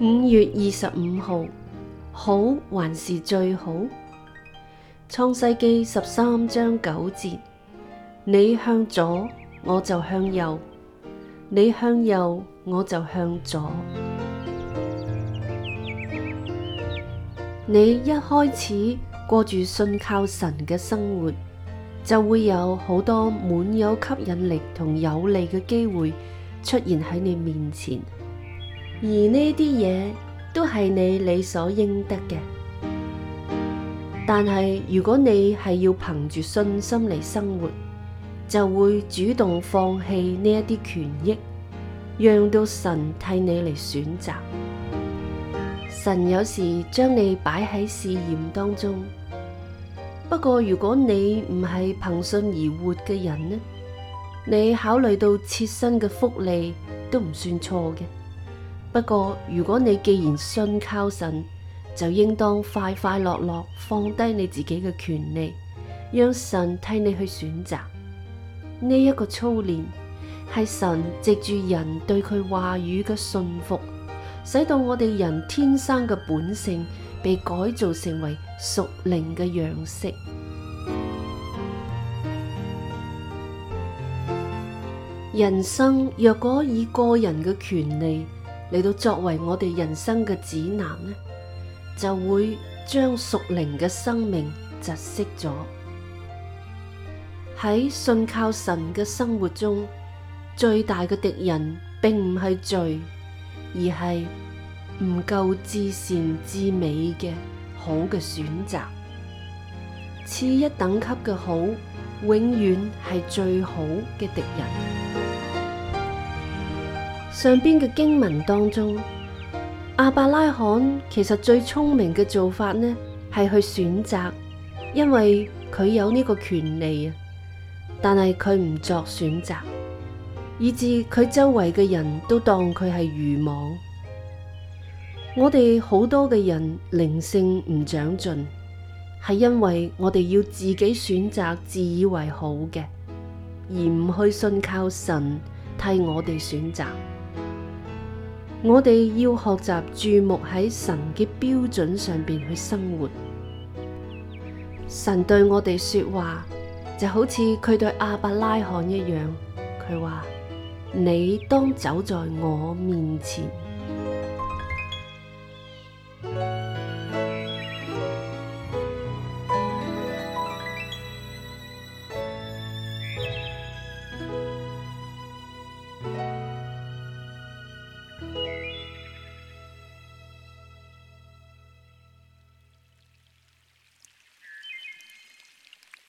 五月二十五號，好還是最好？《創世記》十三章九節你向左我就向右，你向右我就向左。你一開始過住信靠神嘅生活，就會有好多滿有吸引力同有利嘅機會出現喺你面前。而呢啲嘢都係你理所應得嘅，但係如果你係要憑住信心嚟生活，就會主動放棄呢一啲權益，讓到神替你嚟選擇。神有時將你擺喺試驗當中，不過如果你唔係憑信而活嘅人呢，你考慮到切身嘅福利都唔算錯嘅。不過，如果你既然信靠神，就應當快快樂樂放低你自己嘅權利，讓神替你去選擇。呢、這、一個操練係神藉住人對佢話語嘅信服，使到我哋人天生嘅本性被改造成為屬靈嘅樣式。人生若果以個人嘅權利，嚟到作為我哋人生嘅指南呢，就會將屬靈嘅生命窒息咗。喺信靠神嘅生活中，最大嘅敵人並唔係罪，而係唔夠至善至美嘅好嘅選擇。次一等級嘅好，永遠係最好嘅敵人。上邊嘅經文當中，阿伯拉罕其實最聰明嘅做法呢，係去選擇，因為佢有呢個權利啊，但係佢唔作選擇，以致佢周圍嘅人都當佢係愚妄。我哋好多嘅人靈性唔長進，係因為我哋要自己選擇自以為好嘅，而唔去信靠神替我哋選擇。我哋要學習注目喺神嘅標準上邊去生活。神對我哋說話就好似佢對亞伯拉罕一樣，佢話：你當走在我面前。